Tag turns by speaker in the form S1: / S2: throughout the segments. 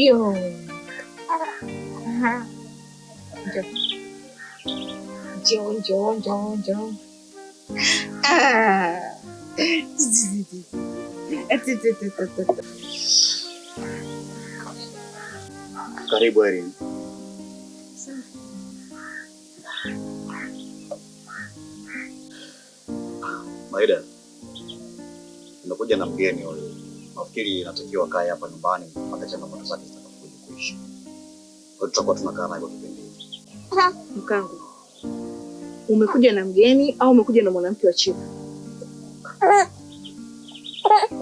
S1: hiyo. Njoo, njoo, njoo, njoo.
S2: Karibu Irene. Maida, nakuja na mgeni leo nafikiri inatakiwa kae hapa nyumbani mpaka changamoto zake zitakapokuja kuisha. Kwa hiyo tutakuwa tunakaa naye kwa kipindi hiki.
S1: Mkangu, umekuja na mgeni au umekuja na mwanamke wa chifu?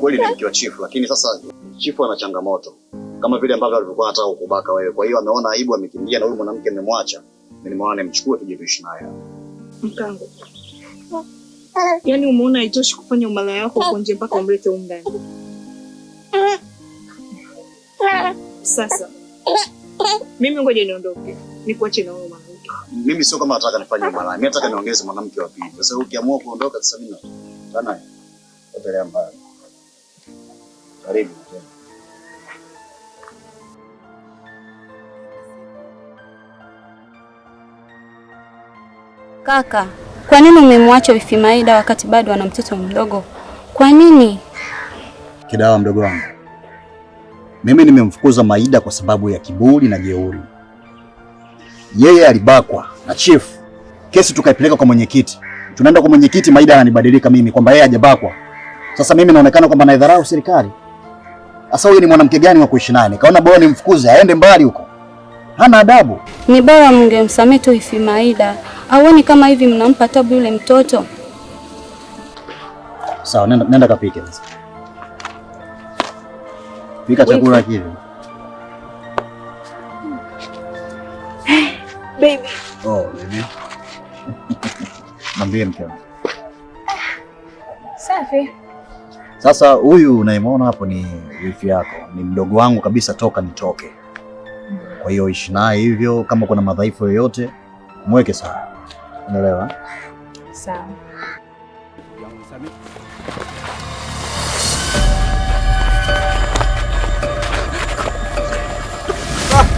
S2: Kweli ni mke wa chifu, lakini sasa chifu ana changamoto kama vile ambavyo alivyokuwa anataka kukubaka wewe. Kwa hiyo ameona aibu, amekimbia na huyu mwanamke amemwacha, nilimwona nimchukue tuje tuishi naye.
S1: Mkangu, yaani umeona haitoshi kufanya umalaya wako uko nje mpaka umlete huko ndani. Sasa mimi ngoja niondoke, nikuache na wewe mwanamke.
S2: Mimi sio kama nataka nifanye mara, mimi nataka niongeze mwanamke wa pili. Sasa ukiamua kuondoka sasa mimi na tuendelee mbali. Karibu.
S3: Kaka, kwa nini umemwacha wakati bado ana mtoto mdogo? Kwa nini?
S2: Kidawa, mdogo wangu, mimi nimemfukuza Maida kwa sababu ya kiburi na jeuri. Yeye alibakwa na chief, kesi tukaipeleka kwa mwenyekiti. Tunaenda kwa mwenyekiti, Maida ananibadilika mimi kwamba yeye hajabakwa. Sasa mimi naonekana kwamba naidharau serikali. Sasa huyu ni mwanamke gani wa kuishi naye? Nikaona bora nimfukuze, aende mbali huko, hana adabu.
S3: Ni bora mngemsamehe tu hivi. Maida auoni kama hivi mnampa tabu yule mtoto?
S2: Sawa, nenda, nenda kapike sasa. Pika chakula kile.
S1: Eh, baby.
S2: Oh, baby. Mwambie mke wangu. Safi. Sasa huyu unayemwona hapo ni wifi yako, ni mdogo wangu kabisa toka nitoke. Kwa hiyo ishi naye hivyo, kama kuna madhaifu yoyote mweke sawa. Unaelewa?
S1: Sawa.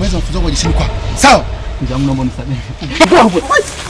S4: kumeza mfuzo wako jishini kwa. Sawa?
S2: Ndio naomba nisamehe.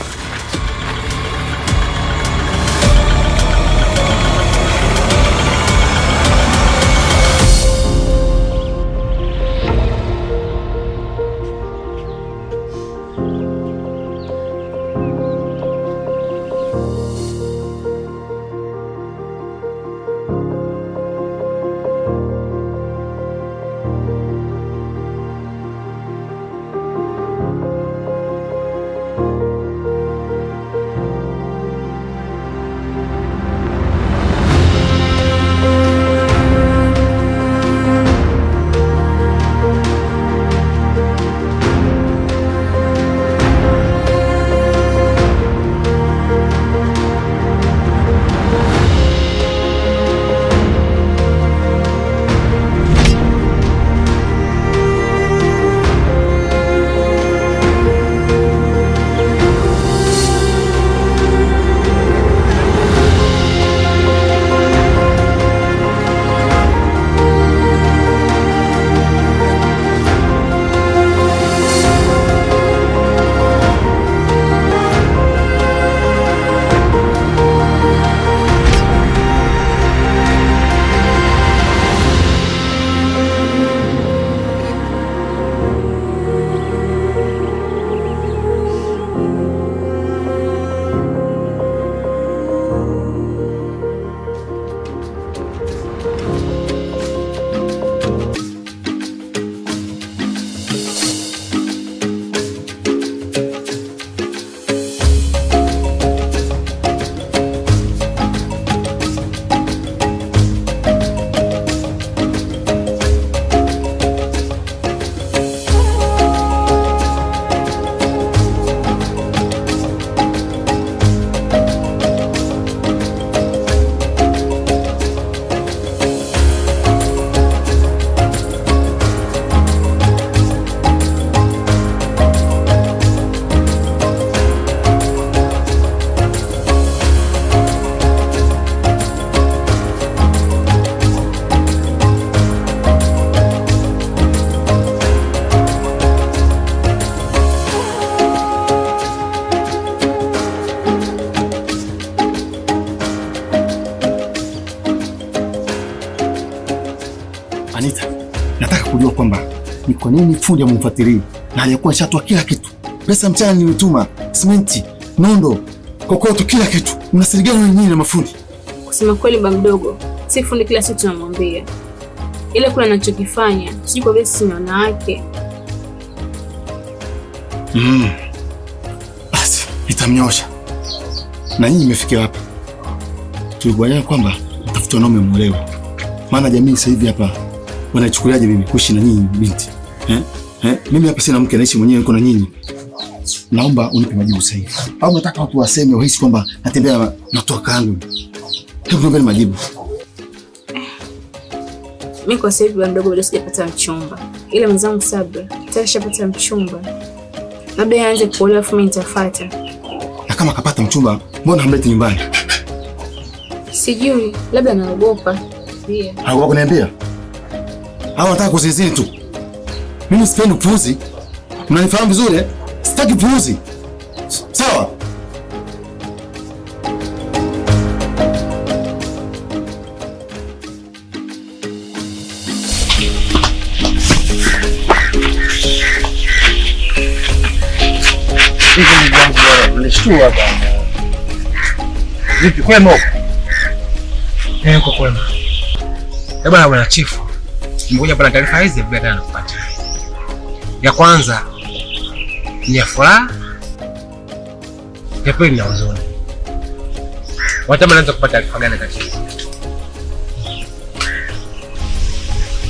S5: nini fundi amemfuatilia? Na alikuwa shatoa kila kitu. Pesa mchana nimetuma, simenti, nondo, kokoto kila kitu. Mnasirigana wenyewe na mafundi.
S3: Kusema kweli ba mdogo, si fundi kila siku tunamwambia. Ile kuna anachokifanya, sijui kwa kesi ni wanawake.
S5: Mm. Basi itamnyosha. Na hii imefikia hapa. Tulikubaliana kwamba mtafuta wanaume mwolewe. Maana jamii sasa hivi hapa wanachukuliaje mimi kuishi na nyinyi binti? Eh? Eh? Mimi hapa sina mke, naishi mwenyewe, niko na nyinyi. Naomba unipe majibu sahihi, Au nataka watu waseme wahisi kwamba natembea natoa kangu. Hebu nipe majibu. Eh.
S3: Mimi kwa sasa hivi bado mdogo, bado sijapata mchumba. Ile mzangu Sabra, tashapata mchumba. Labda yaanze kuolewa afu mimi nitafuata.
S5: Na kama akapata mchumba, mbona hamleti nyumbani?
S3: Sijui, labda anaogopa.
S5: Ndio. Hao wako niambia. Hao wanataka kuzizini tu. Mimi sipendi kupuuzi, mnanifahamu vizuri eh? Sitaki kupuuzi, sawa? Vipi kwema Eh, kwema. Eh, bwana bwana chifu. Ngoja bwana taarifa hizi bila tano. Ya kwanza ni ya furaha, ya pili na huzuni. Watama naanza kupata taarifa gani tatizo?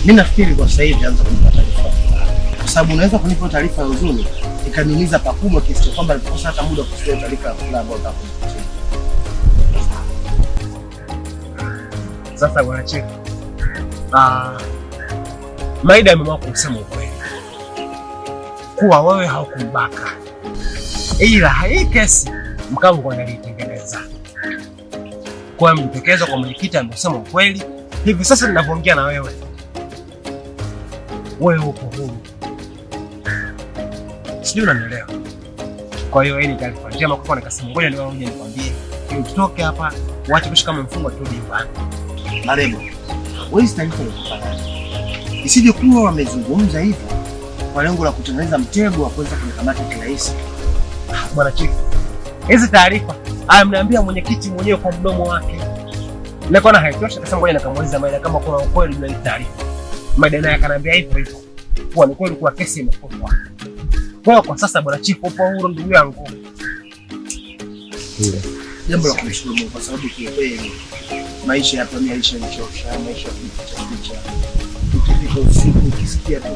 S5: Mimi nafikiri kwa sasa hivi naanza kupata taarifa, kwa sababu unaweza kunipa taarifa ya huzuni ikaniumiza pakubwa kiasi cha kwamba nitakosa hata muda wa kusikia taarifa ya furaha ambayo nitakupatia. Sasa bwana chief, ah, Maida ameamua kusema ukweli kuwa wewe haukumbaka, ila hii kesi Mkambo analitengeneza kwa mtekezo kwa mwenyekiti. Amesema ukweli. Hivi sasa ninavyoongea na wewe, wewe uko huru, sijui unanielewa? Kwa hiyo ni taarifa njema kwa nikasema ngoja niwaoje, nikwambie tutoke hapa, wache kushika kama mfungwa, turudi nyumbani.
S2: Maremo, wewe taarifa isije kuwa wamezungumza hivyo kwa lengo la kutengeneza mtego wa kuweza kunikamata kirahisi.
S5: Ah, Bwana Chifu, hizi taarifa amniambia ah, mwenyekiti mwenyewe kwa mdomo wake, nilikuwa na haitoshi. Akasema ngoja nikamuuliza Maida kama kuna ukweli juu ya taarifa. Maida naye akaniambia hivyo hivyo kuwa ni kweli kuwa kesi imefungwa. Kwa hiyo kwa sasa, Bwana Chifu, upo huru ndugu yangu. Jambo la kumshukuru Mungu kwa sababu kiukweli maisha ya familia maisha ya kuchosha, maisha ya kuchosha za usiku ukisikia tu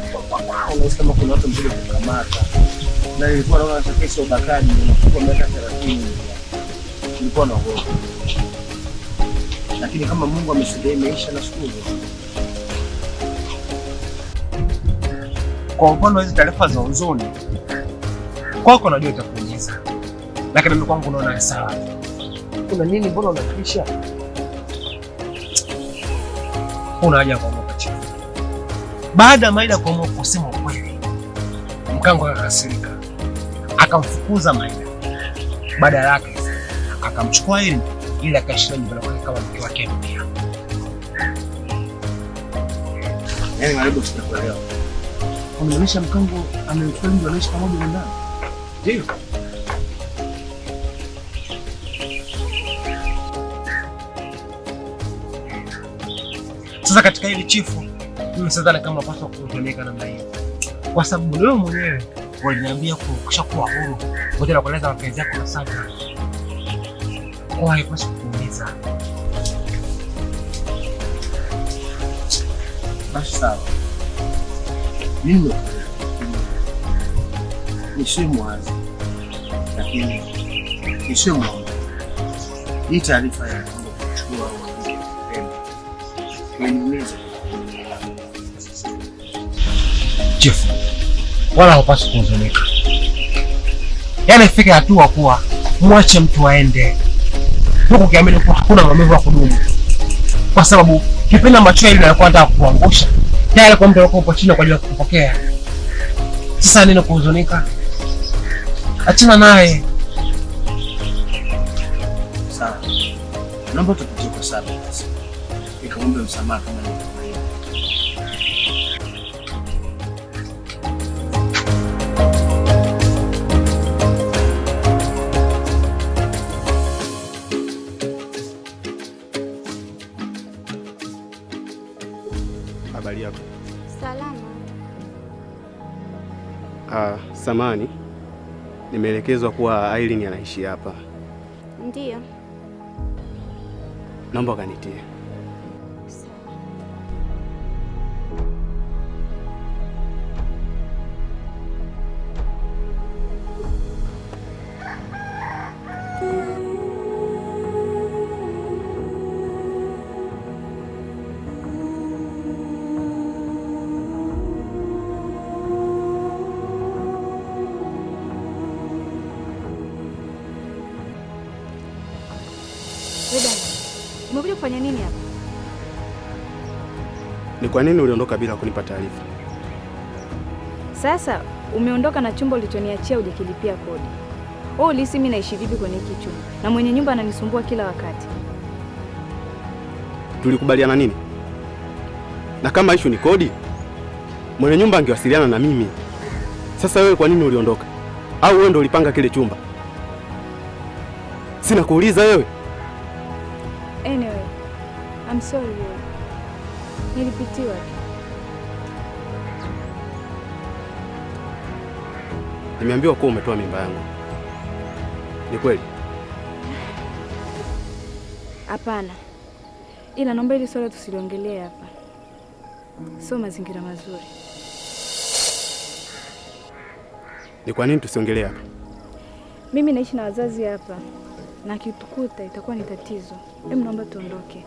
S5: unahisi kama kuna watu mbele kukamata, na nilikuwa naona hata kesi ya ubakaji kwa miaka 30 nilikuwa naogopa, lakini kama Mungu amesaidia imeisha. Nashukuru kwa upande wa hizi taarifa za huzuni, kwako najua itakuumiza, lakini mimi kwangu naona sawa. Kuna nini? Mbona unatisha? Una haja kwa baada ya Maida kuamua kusema ukweli, Mkango akakasirika, akamfukuza Maida. Badala yake akamchukua Irene ili akaishia nyumbani kwake kama mke wake mpya. Yaani karibu sitakuelewa. Unaonyesha Mkango amechukua ndio anaishi pamoja ndani. Ndio. Sasa katika hili chifu Sidhani kama unapaswa kutendeka namna hiyo, kwa sababu wewe mwenyewe uliniambia kuwa huru na kueleza mapenzi yako na Sandra, kwa haipaswi kuumiza. Basi sawa, mimi nisiwe mwazi, lakini nisiwe mwazi. Hii taarifa ya kuchukua waiendeleza chifu, wala haupaswi kuhuzunika. Yaani ifike hatua kuwa mwache mtu aende huku kiamini kuwa hakuna maumivu ya kudumu, kwa sababu kipindi ambacho yeye alikuwa anataka kukuangusha tayari kwa mtu alikuwa upo chini kwa ajili ya kukupokea. Sasa nini kuhuzunika? Achana naye.
S2: Sawa, naomba tupitie kwa sala, nikamwombe msamaha kama Uh, samani, nimeelekezwa kuwa ailin anaishi hapa. Ndiyo. Naomba kanitie
S3: Umekuja kufanya nini hapa?
S2: Ni kwa nini uliondoka bila kunipa taarifa?
S3: Sasa umeondoka na chumba ulichoniachia hujakilipia kodi. Wewe ulihisi mimi naishi vipi kwenye hiki chumba? Na mwenye nyumba ananisumbua kila wakati.
S2: Tulikubaliana nini? Na kama ishu ni kodi, mwenye nyumba angewasiliana na mimi. Sasa wewe kwa nini uliondoka? Au wewe ndio ulipanga kile chumba? Sina kuuliza wewe.
S3: I'm sorry nilipitiwa
S2: Nimeambiwa kuwa umetoa mimba yangu, ni kweli?
S3: Hapana, ila naomba hili swala tusiliongelee hapa, sio mazingira mazuri.
S2: Ni kwa nini tusiongelee hapa?
S3: Mimi naishi na wazazi hapa, na kitukuta itakuwa ni tatizo. Hebu naomba tuondoke.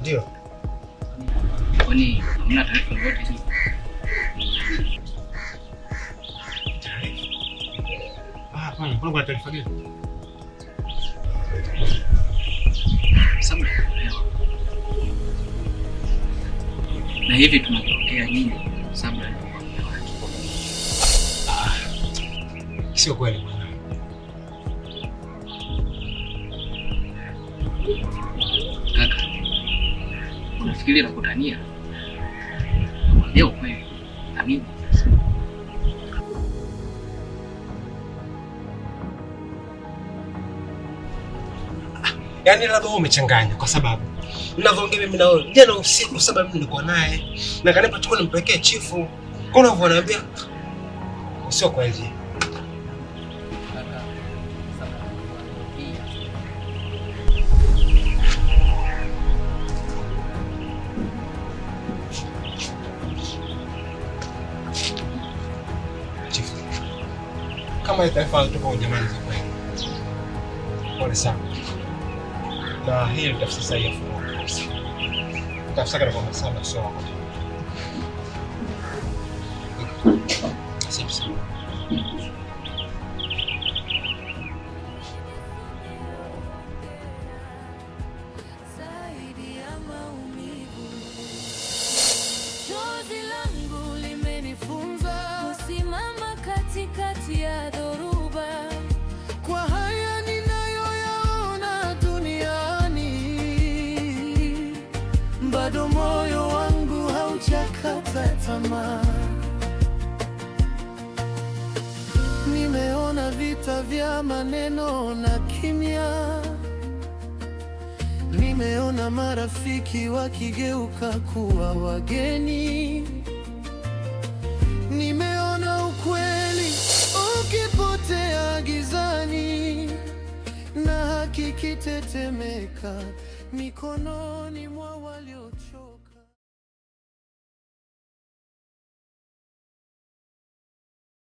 S2: Ndio. Kwani mna taarifa yoyote? Ah, kwani kuna taarifa gani? somewhere Na hivi tunapokea nini? Sabra ni mume Ah, sio kweli bwana. Kaka, unafikiri nakutania? Ndio kweli. Amini.
S5: Yaani labda wewe umechanganya kwa sababu ninavyoongea mimi na wewe jana usiku sababu mimi niko naye na kanipa chukua nimpekee chifu. Kwa nini unaniambia? Sio kweli.
S2: Chifu. Kama itafaa tuko jamani, kwa kweli. Pole sana na hiyo ni tafsiri sahihi ya fungu. Tafsiri kwa sana kusoma. Sipsi. mema. Nimeona vita vya maneno na kimya, nimeona marafiki wakigeuka kuwa wageni, nimeona ukweli ukipotea gizani na haki kitetemeka mikononi mwa waliocho